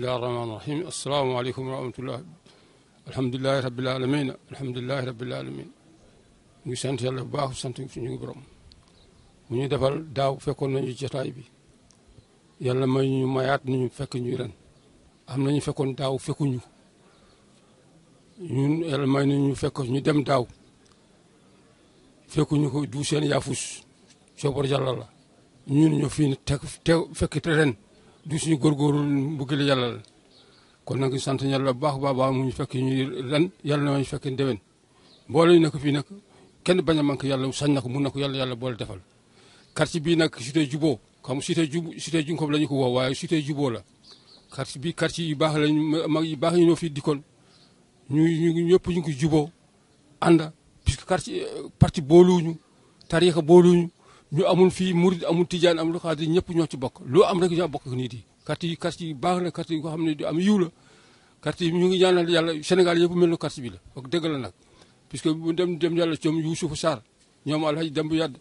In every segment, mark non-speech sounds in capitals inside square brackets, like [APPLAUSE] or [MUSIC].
الله الرحمن الرحيم السلام عليكم ورحمة الله الحمد لله رب العالمين الحمد لله رب العالمين ñu sant yàlla bu baax sant suñu borom mu ñu defal daaw fekkoon nañu jotaay bi yàlla may ñu mayaat ñu fekk ñu ren am nañu fekkoon daaw fekkuñu ñun yàlla may nañu fekk ñu dem daaw fekkuñu ko du seen yaafus soobar yàlla la ñun ñu fi teg fekk te ren du suñu góorgóorlu mbëggeel yàlla la kon nag sant yàlla bu baax baax baax mu ñu fekk ñu ren yàlla na ñu fekk déwén mbooloo yi nag fii nag kenn bañ a manqué yàlla sañ na ko mun na ko yàlla yàlla boole defal quartier bii nag cité juboo xam cité jub cité junkob la ñu ko woo waaye cité juboo la quartier bi quartier yu baax lañ mag yu baax ñu ñoo fii dikkoon ñu ñu ñëpp ñu ngi juboo ànda puisque quartier parti booluñu tariixa lu amul fii murid amul tijaan amul xaadir ñëpp ñoo ci bokk loo am rek ñoo bokk ak nit yi carte yi carte yi baax na carte yi nga xam ne du am yiw la ngi ñaanal yàlla Sénégal yëpp mel na carte bi la wax dëgg la nag dem dem yàlla coom Youssouf Sarr ñoom Alhaji Demba Yadd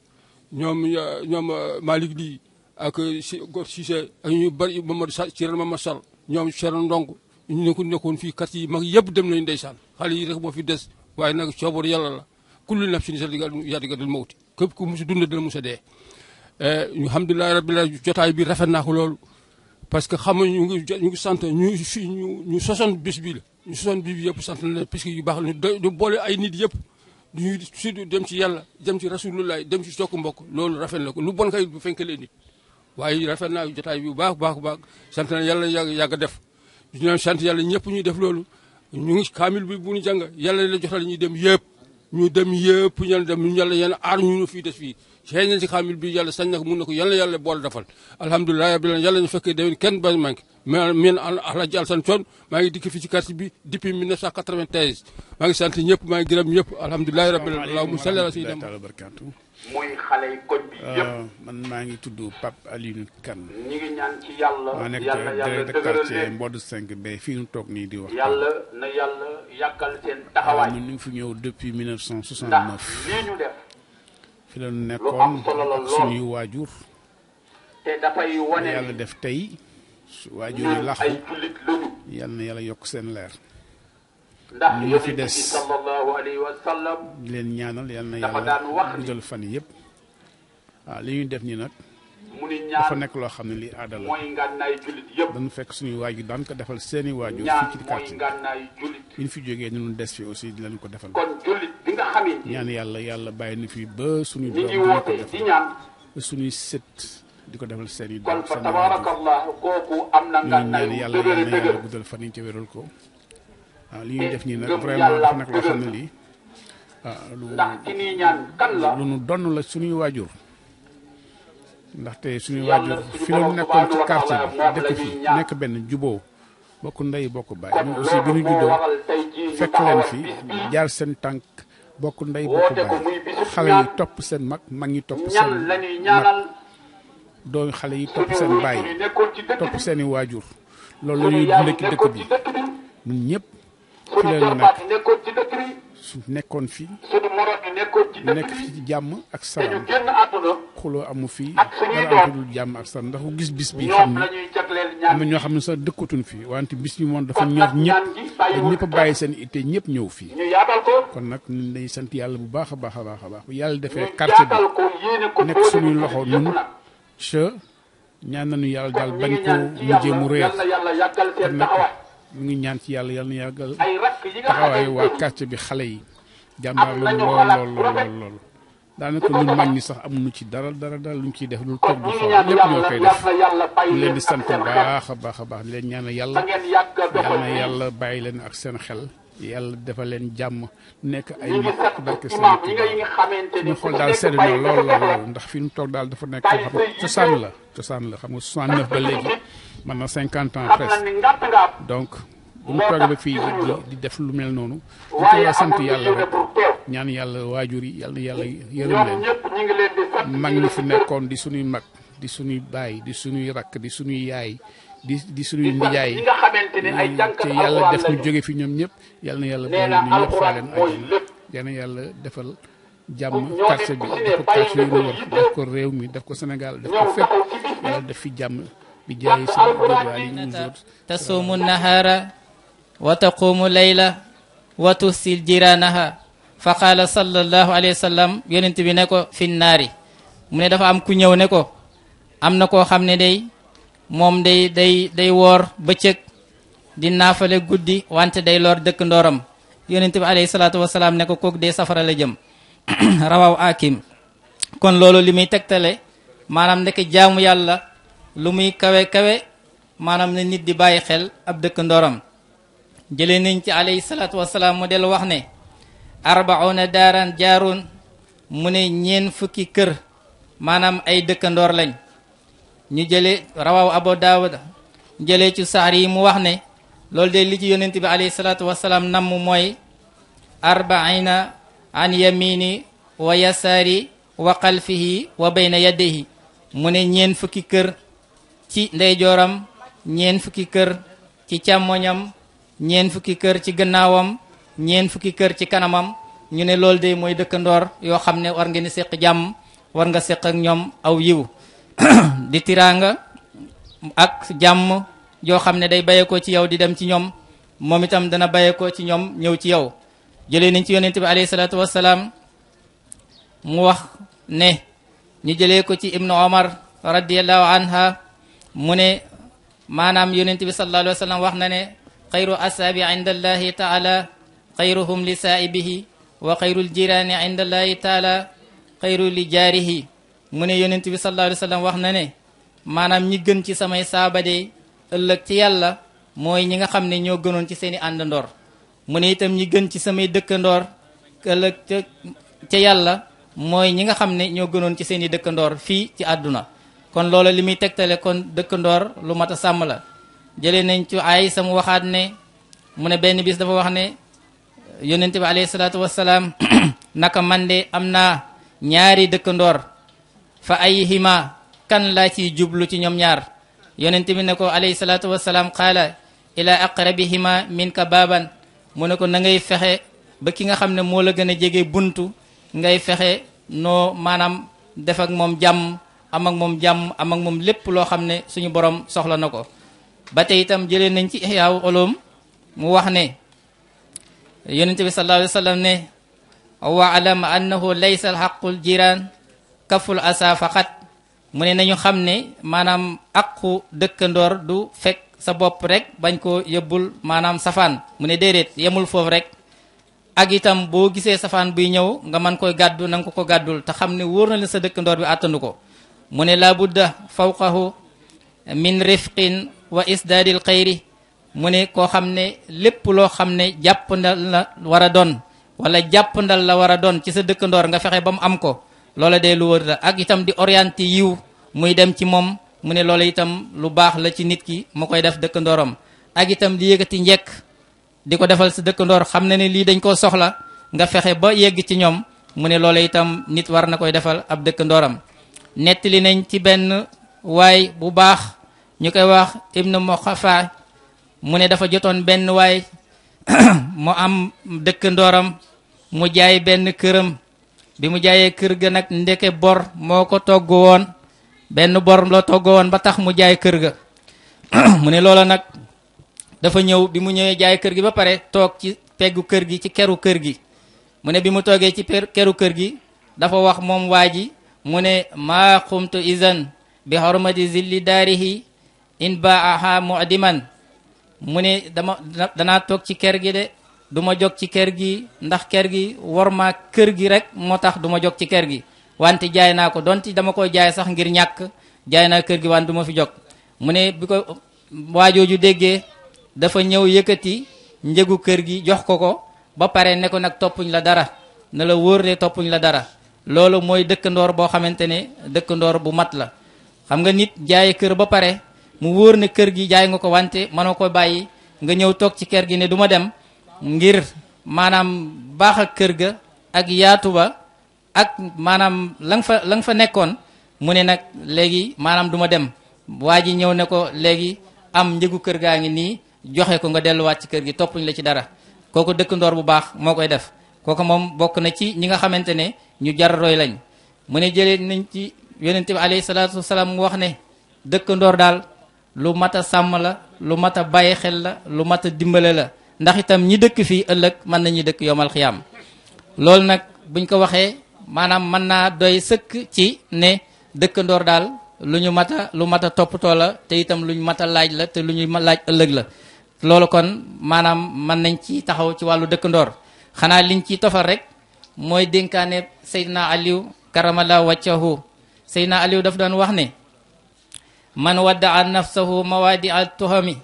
ñoom euh, ñoom euh, Malick Ly ak euh, si Gor Cissé ak ñu bari Mamadou Sall Thierno Mamadou Sall ñoom Thierno Ndong ñu nekkoon nekkoon fii carte yi mag yëpp dem nañu ndeysaan xale yi rek moo fi des waaye nag coobaru yàlla la kullu nafsin zaa'iqatul mawti képp ku musu dund dina musa dee eh, alhamdulilah rabbil jotaay bi rafet naa ko loolu parce que xam ñu ngi ñu ngi sant ñu fi ñu ñu sosoon bis bi la ñu sosoon bis bi yëpp sant na parce que yu baax la ñu boole ay nit yëpp ñu surtout dem ci yàlla dem ci rasulullah dem ci sokku mbokk loolu rafet na ko lu bon kay bu fenkalee nit waaye rafet naa jotaay bi bu baax baax baax sant na yàlla yàgg yàgg def ñu sant yàlla ñëpp ñuy def loolu ñu ngi kaamil bi bu ñu jàng yàlla la jotal ñuy dem yëpp ñu dem yëpp ñu dem ñu yàlla yéen aar ñu fii des fii xëy na si xamil bi yàlla sañ na ko mun na ko yàlla yàlla boole defal alhamdulilah rabbil alamin yàlla ñu fekkee déwén kenn bañ manqué mais min alhaji Alassane Thione maa ngi dikk fii ci quartier bi depuis 1993 maa ngi sant ñëpp maa ngi gërëm ñëpp alhamdulilah rabbil alamin allahumma salli ala sayyidina muy xale yi koñ bi ah, yëpp. man maa ngi tudd Pape Alioune Kane. ñi ngi ñaan ci yàlla. yàlla fii ñu toog nii di wax. yàlla na yàlla yàkkal seen ah, def. yàlla def tey. su waajur yi laxu yàlla yàlla yokk seen leer. ndax ñu fi des sallallahu alayhi wa sallam di leen ñaanal yal na yàlla daan wax guddal fan yëpp waaw li ñuy def nii nag mu ni ñaan dafa nekk loo xam ne lii aada la mooy ngànnaay julit yëpp dañu fekk suñuy waajur daan ko defal seeni waajur fii ci quartier ngànnaay julit bi ñu fi jógee ñu des fi aussi di leen ko defal kon julit bi nga xamee ñaan yàlla yàlla bàyyi nu fi ba suñu doom di ko defal ba suñuy sët di ko defal seeni doom kon fa tabarakallah kooku am na ngànnaay yàlla yàlla guddal fan yi ci wéral ko waaw li ñuy def nii nag vraiment dafa nekk loo xam ne lii ah, lu nu donn la suñuy waajur ndaxte suñuy waajur fi la nekkoon ci quartier bi dëkk fi nekk benn juboo bokk ndey bokk baay ñun aussi bi juddoo fekk leen fi jaar seen tànk bokk ndey bokk baay xale yi topp seen mag mag ñi topp xale yi topp seen baay seeni waajur loolu la ñuy dundee ci dëkk bi ñun ñëpp ci leen nekk su nekkoon fii nekk fi jàmm ak salaam xuloo amu fi dara am dul jàmm ak salaam ndax ku gis bis bi xam ne am na ñoo xam ne sax dëkkatun fii wante bis bi moom dafa ñor ñëpp te ñëpp a bàyyi seen itte ñëpp ñëw fii kon nag ñun sant yàlla bu baax a baax a baax a baax bu yàlla defee karte bi nekk suñuy loxo ñun ca ñaan nañu yàlla daal bañ ko mujjee mu réer kon mu ngi ñaan ci yàlla yal na yàggal taxawaayu waa quartier bi xale yi jàmbaar lu lool lool lool daanaka ñun mag ñi sax amuñu ci dara dara dara luñ ciy def lu toog du xool lépp ñoo koy def ñu leen di sant baax a baax a baax di leen ñaan yàlla yal yàlla bàyyi leen ak seen xel yàlla dafa leen jàmm nekk ay barke suñu xool daal sedd na lool lool ndax fi ñu toog daal dafa nekk xam cosaan la cosaan la xam nga 69 ba léegi man na cinquante ans presque donc bu mu toog ba fii di def lu mel noonu di ko la sant yàlla rek ñaan yàlla waajur yi yàlla yàlla yërëm leen mag ñi fi nekkoon di suñuy mag di suñuy baay di suñuy rakk di suñuy yaay di di suñuy nijaay mm, te yàlla def ñu jóge fi ñoom ñëpp yal na yàlla boole defal jàmm quartier bi def ko quartier yi ko réew mi def ko Sénégal def ko fépp yàlla def fi jàmm bi jaay sa jërëjëf. tasuumu nahaara wa taquumu layla wa tusil jiraanaha fa qaala sallallahu alayhi wa sallam bi ne ko fi mu ne dafa am ku ñëw ne ko am na koo xam ne day. moom day day day woor bëccëg di naafale guddi wante day lor dëkk ndooram yonent bi alayhi salaatu wasalaam ne ko kook dee safara la jëm [CLEARS THROAT] rawaw akim kon loolu li muy tegtale maanaam ndeke jaamu yàlla lu muy kawe kawe maanaam ne nit di bàyyi xel ab dëkk ndooram jëlee nañ ci alayhi salaatu wasalaam mu del wax ne arbauna daaran jaaroon mu ne ñeent fukki kër maanaam ay dëkkandoor lañ ñu jële rawaw abu daawuda jëlee ci saar yi mu wax ne loolu de li ci yonent bi alayhi salaatu wasalaam namm mooy arbaina an yamini wa yasaari wa xalfihi wa bayna yaddihi mu ne ñeent fukki kër ci ndeyjooram ñeent fukki kër ci càmmoñam ñeent fukki kër ci gannaawam ñeent fukki kër ci kanamam ñu ne loolu de mooy dëkkandoor yoo xam ne war nga seq jàmm war nga séq ak ñoom aw yiw [CLEARS THROAT] ditiraanga ak jàmm yoo xam ne day bàyyeekoo ci yow di dem ci ñoom moom itam dana bàyyeekoo ci ñoom ñëw ci yow jëlee nañ ci yonent bi alayhi salaatu wassalaam mu wax ne ñu jëlee ko ci ibnu omar radiallahu anha mu ne maanaam yonent bi sallallahu alayhi wa sallam wax na ne xayru asaabi inda allahi taala xayruhum li saaibihi wa xayrul jiraani inda allahi taala xayru li jaarihi mune ne yonent bi sallallahu alaihi wasallam wax na ne manam ñi gën ci samay saaba de ëlëk ci yalla moy ñi nga xamne ño gënon ci seeni and ndor mune itam ñi gën ci samay dekk ndor ëlëk ci yalla moy ñi nga xamne ño gënon ci seeni ndor fi ci aduna kon loolu limitek tektale kon kon ndor lu mata sam la jëlee nañ ci ay sam waxaat ne mune benn bis dafa wax ne alayhi salatu wassalam [CLEARS THROAT] naka man de amna ñaari dekk ndor fa ay ayhima kan laa ciy jublu ci ñoom ñaar yonent bi ne ko alayhi salaatu wasalaam qaala ila aqrabihima minka baaban mu ne ko na ngay fexe ba ki nga xam ne moo la gën a jege buntu ngay fexe noo maanaam defak moom jàmm am moom jàmm am moom lépp loo xam ne suñu boroom soxla na ko ba tey itam jëlee nañ ci ihyaaw ulum mu wax ne yonent bi sallallahu alayhi wa sallam ne wa alam annahu laysa alxaqul jiraan kaful asa fakat, mune ne nañu xam ne maanaam aqu dëkkandoor du fekk sa bopp rek bañ ko yebul maanaam safaan mu ne déedéet yemul foofu rek ak itam boo gisee safaan buy ñëw nga man koy gàddu na ko ko gàddul te xam ne wóor na la sa dëkkandoor bi àttandu ko mu fawqahu min rifqin wa isdaadil xayri mu ne koo xam ne lépp loo xam ne jàppandal la war a doon wala jàppandal la war a ci sa dëkkandoor nga fexe ba am ko Lola day lu wër ak itam di orienté yiw muy dem ci mom mu ne loola itam lu bax la ci nit ki mu koy def ndorom ak itam di yëkëti ñek di defal sa dekk ndor xamna ne li dañ ko soxla nga fexé ba yegg ci ñom mu ne itam nit war na koy defal ab dëkkandooram netti nañ ci ben way bu bax ñukay wax ibnu mukhafa mu ne dafa jotoon ben way [CLEARS THROAT] mu am dëkkandooram mu jaay ben kërëm bi mu jaayee kër ga nak ndeke bor moko togg won benn bor lo togg won ba tax mu jaay kër ga [CLEARS THROAT] mu ne loola nak dafa ñëw bi mu ñëwee jaay kër gi ba paré tok ci peggu kër gi ci keru kër gi mu ne bi mu toggé ci keru kër gi dafa wax mom waji mu ne ma izan bi hurmati zilli darihi in baaha mudiman mu ne dama dana tok ci ker gi de duma jog ci kër gi ndax kër gi war ma gi rek motax duma jog ci kër gi wanti jaay naa ko donti dama koy jaay sax ngir ñak jaay naa kër gi wan duma fi jog mune ne bi ko waajooju déggee dafa ñew yëkkati njëgu kër gi jox ko ko ba pare ne ko nak topuñ la dara na la wóor ne toppuñ la dara moy dekk ndor bo xamantene dekk ndor bu mat la xam nga nit jaay kër ba pare mu wóor ne kër gi jaay nga ko wante manoko bayyi nga ñew tok ci kër gi ne duma dem ngir manam baxa ak kër ga ak yaatu ba ak manam lang fa lang fa nekkon mu ne nag léegi duma dem waji ñew ne ko legi am ñegu kër ga ngi ni joxe ko nga delluwaat ci kër gi topuñ la ci dara dekk ndor bu baax mo koy def koko nechi, bok na ci ñi nga xamantene ne ñu jar roy lañ mu ne jëlee nañ ci yonente bi alayhi wax ne ndor dal lu mata sam la lu mata baye xel la lu mata ndax itam ñi dëkk fii ëllëg mën nañu dëkk yomal xiyaam loolu nag buñ ko waxee maanaam mën naa doy sëkk ci ne dëkkandoor daal lu ñu mat lu mat a toppatoo la te itam lu ñu mat a laaj la te lu ñu laaj ëllëg la loolu kon maanaam mën nañ ci taxaw ci wàllu dëkkandoor xanaa liñ ciy tofal rek mooy dénkaane Seydina Aliou karamala sëy na Aliou daf daan wax ne man waddaa nafsahu mawaadi al tuhami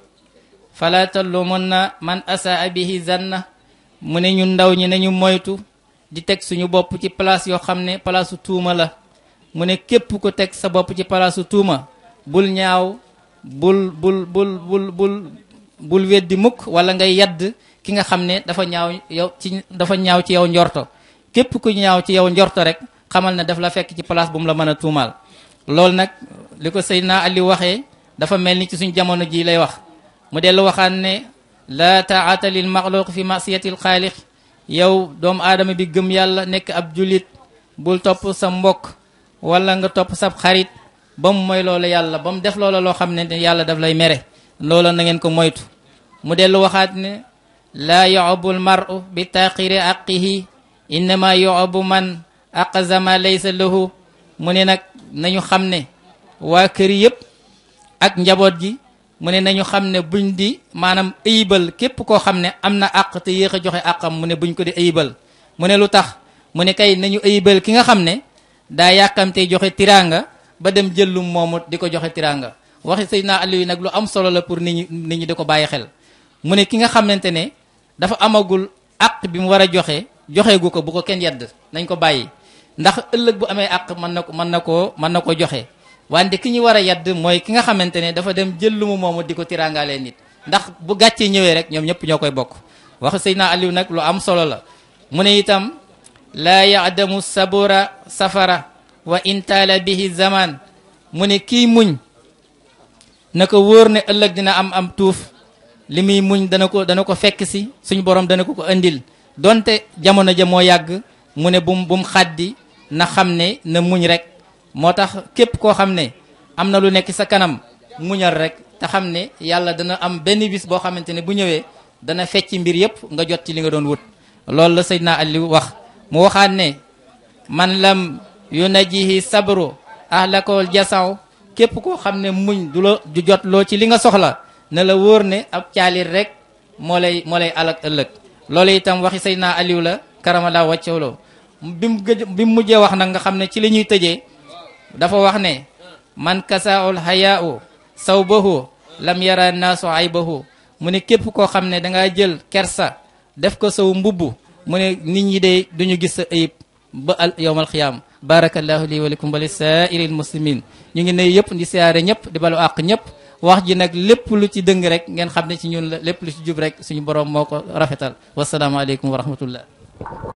mën na man asaa bihi na mu ne ñu ndaw ñi nañu moytu di teg suñu bopp ci place yoo xam ne palaasu tuuma la mu ne képp ko teg sa bopp ci palaasu tuuma bul ñaaw bul bul bul bul bul bul weddi mukk wala ngay yadd ki nga xam ne dafa ñaaw yow ci dafa ñaaw ci yow njorto képp ku ñaaw ci yow njorto rek xamal ne daf la fekk ci place bu mu la mën a tuumaal loolu nag li ko Seydina Ali waxee dafa mel ni ci suñ jamono ji lay wax mu dellu waxaan ne laa taata lil maxluuq fi masiyati l xaaliq yow doomu aadama bi gëm yàlla nekk ab jullit bul topp sa mbokk wala nga topp sab xarit ba mu mooy loola yàlla ba mu def loola loo xam ne yàlla daf lay mere loola na ngeen ko moytu mu dellu waxaat ne laa yoxobu lmaru bi taaqiri aqihi innama yoxobu man aqzama laysa lahu mu ne nag nañu xam ne waa kër yëpp ak njaboot gi mu ne nañu xam ne buñ di maanaam ayibal képp koo xam ne am na àq te yéex a joxe àqam mu ne buñ ko di ayibal mu ne lu tax mu ne kay nañu ayibal ki nga xam ne daa yàqamte joxe tiraanga ba dem jëllum moomu di ko joxe tiraanga waxi Seydina Aliou nag lu am solo la pour nit ñi nit ñi di ko bàyyi xel mu ne ki nga xamante ne dafa amagul àq bi mu war a joxe joxe gu ko bu ko kenn yedd nañ ko bàyyi ndax ëllëg bu amee àq mën na ko mën na koo mën na koo joxe wante ki ñu war a yadd mooy ki nga xamante ne dafa dem jël lu mu moomu di ko tiraangalee nit ndax bu gàccee ñëwee rek ñoom ñëpp ñoo koy bokk wax Seydina Aliou nag lu am solo la mu ne itam laa demu sabura safara wa intaala bihi zaman mu ne kii muñ na ko wóor ne ëllëg dina am am tuuf li muy muñ dana ko dana ko fekk si suñu borom dana ko ko indil donte jamono ja moo yàgg mu ne bum bum xaddi na xam ne na muñ rek moo tax képp koo xam ne am na lu nekk sa kanam muñal rek te xam ne yàlla dana am benn bis boo xamante ne bu ñëwee dana fecci mbir yëpp nga jot ci li nga doon wut loolu la Seydina Ali wax mu waxaat ne man lam yu najihi sabru ahlakowol jasaw képp koo xam ne muñ du la du jot loo ci li nga soxla ne la wóor ne ab caalir rek moo lay moo lay alak ëllëg loolu itam waxi Seydina Aliou la karamala wàccewloo bi mu gëj bi mu mujjee wax nag nga xam ne ci li dafa wax ne man kasaul hayau sawbahu lam yara naasu aybahu mu ne képp koo xam ne jël kersa def ko saw mbubb mu nit ñi de duñu gis sa ayib ba al yowmal xiyaam barakallahu li walikum wa lisairil muslimin ñu ngi nuyu yëpp di siyaare ñëpp di balu ak ñëpp wax ji nag lépp lu ci dëng rek ngeen xam ci ñun lu ci jub rek suñu borom moo ko rafetal wasalaamaaleykum wa rahmatullah